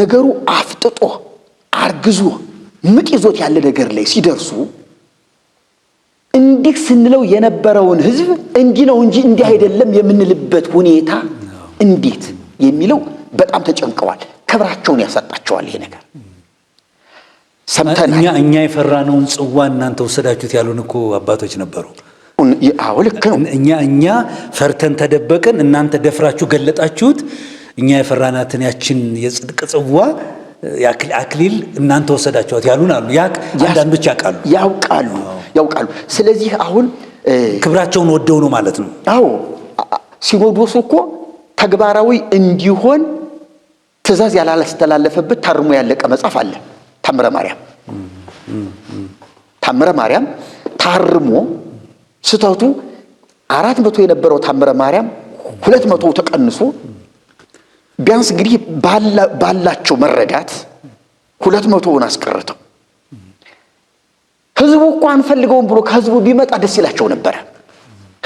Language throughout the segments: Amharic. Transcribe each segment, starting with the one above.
ነገሩ አፍጥጦ አርግዞ ምጥ ይዞት ያለ ነገር ላይ ሲደርሱ እንዲህ ስንለው የነበረውን ህዝብ እንዲህ ነው እንጂ እንዲህ አይደለም የምንልበት ሁኔታ እንዴት የሚለው በጣም ተጨንቀዋል። ክብራቸውን ያሳጣቸዋል ይሄ ነገር። ሰምተናል። እኛ የፈራነውን ጽዋ እናንተ ወሰዳችሁት ያሉን እኮ አባቶች ነበሩ። አዎ ልክ ነው። እኛ እኛ ፈርተን ተደበቅን፣ እናንተ ደፍራችሁ ገለጣችሁት። እኛ የፈራናትን ያችን የጽድቅ ጽዋ አክሊል እናንተ ወሰዳችኋት ያሉን አሉ። አንዳንዶች ያውቃሉ ያውቃሉ ያውቃሉ። ስለዚህ አሁን ክብራቸውን ወደው ነው ማለት ነው። አዎ ሲኖዶሱ እኮ ተግባራዊ እንዲሆን ትእዛዝ ያላስተላለፈበት ታርሞ ያለቀ መጽሐፍ አለ። ታምረ ማርያም ታምረ ማርያም ታርሞ ስህተቱ አራት መቶ የነበረው ታምረ ማርያም ሁለት መቶ ተቀንሶ ቢያንስ እንግዲህ ባላቸው መረዳት ሁለት መቶውን አስቀርተው ህዝቡ እኮ አንፈልገውም ብሎ ከህዝቡ ቢመጣ ደስ ይላቸው ነበረ።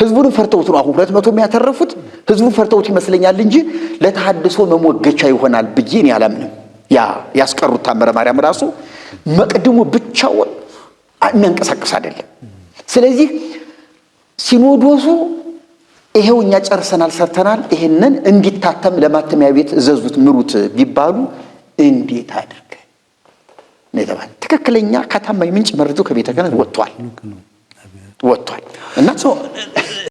ህዝቡንም ፈርተውት ነው አሁን ሁለት መቶ የሚያተረፉት ህዝቡን ፈርተውት ይመስለኛል እንጂ ለተሐድሶ መሞገቻ ይሆናል ብዬ እኔ አላምንም። ያ ያስቀሩት ታምረ ማርያም ራሱ መቅድሙ ብቻውን የሚያንቀሳቅስ አይደለም። ስለዚህ ሲኖዶሱ ይሄው እኛ ጨርሰናል፣ ሰርተናል፣ ይሄንን እንዲታተም ለማተሚያ ቤት እዘዙት፣ ምሩት ቢባሉ እንዴት አድርገ ነው ትክክለኛ ከታማኝ ምንጭ መረጃው ከቤተ ክህነት ወጥቷል ወጥቷል እና